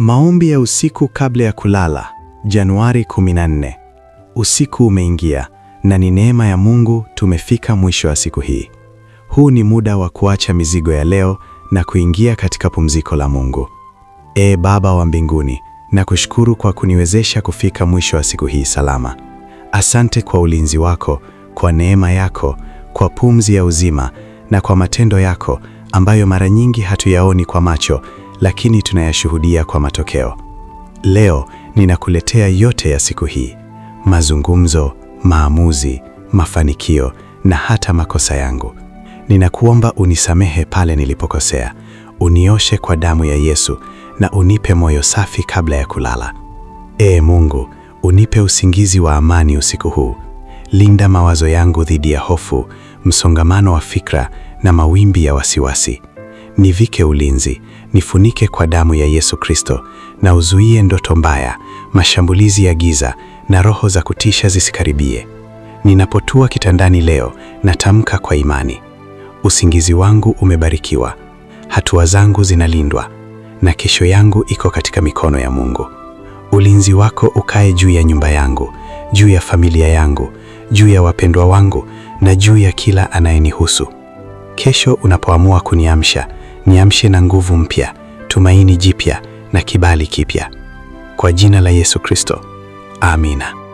Maombi ya usiku kabla ya kulala, Januari 14. Usiku umeingia na ni neema ya Mungu tumefika mwisho wa siku hii. Huu ni muda wa kuacha mizigo ya leo na kuingia katika pumziko la Mungu. Ee Baba wa mbinguni, nakushukuru kwa kuniwezesha kufika mwisho wa siku hii salama. Asante kwa ulinzi wako, kwa neema yako, kwa pumzi ya uzima na kwa matendo yako ambayo mara nyingi hatuyaoni kwa macho lakini tunayashuhudia kwa matokeo. Leo ninakuletea yote ya siku hii: mazungumzo, maamuzi, mafanikio na hata makosa yangu. Ninakuomba unisamehe pale nilipokosea, unioshe kwa damu ya Yesu na unipe moyo safi kabla ya kulala. Ee Mungu, unipe usingizi wa amani usiku huu. Linda mawazo yangu dhidi ya hofu, msongamano wa fikra na mawimbi ya wasiwasi. Nivike ulinzi, nifunike kwa damu ya Yesu Kristo, na uzuie ndoto mbaya, mashambulizi ya giza na roho za kutisha zisikaribie. Ninapotua kitandani leo, natamka kwa imani. Usingizi wangu umebarikiwa. Hatua zangu zinalindwa na kesho yangu iko katika mikono ya Mungu. Ulinzi wako ukae juu ya nyumba yangu, juu ya familia yangu, juu ya wapendwa wangu na juu ya kila anayenihusu. Kesho unapoamua kuniamsha, niamshe na nguvu mpya, tumaini jipya na kibali kipya, kwa jina la Yesu Kristo, amina.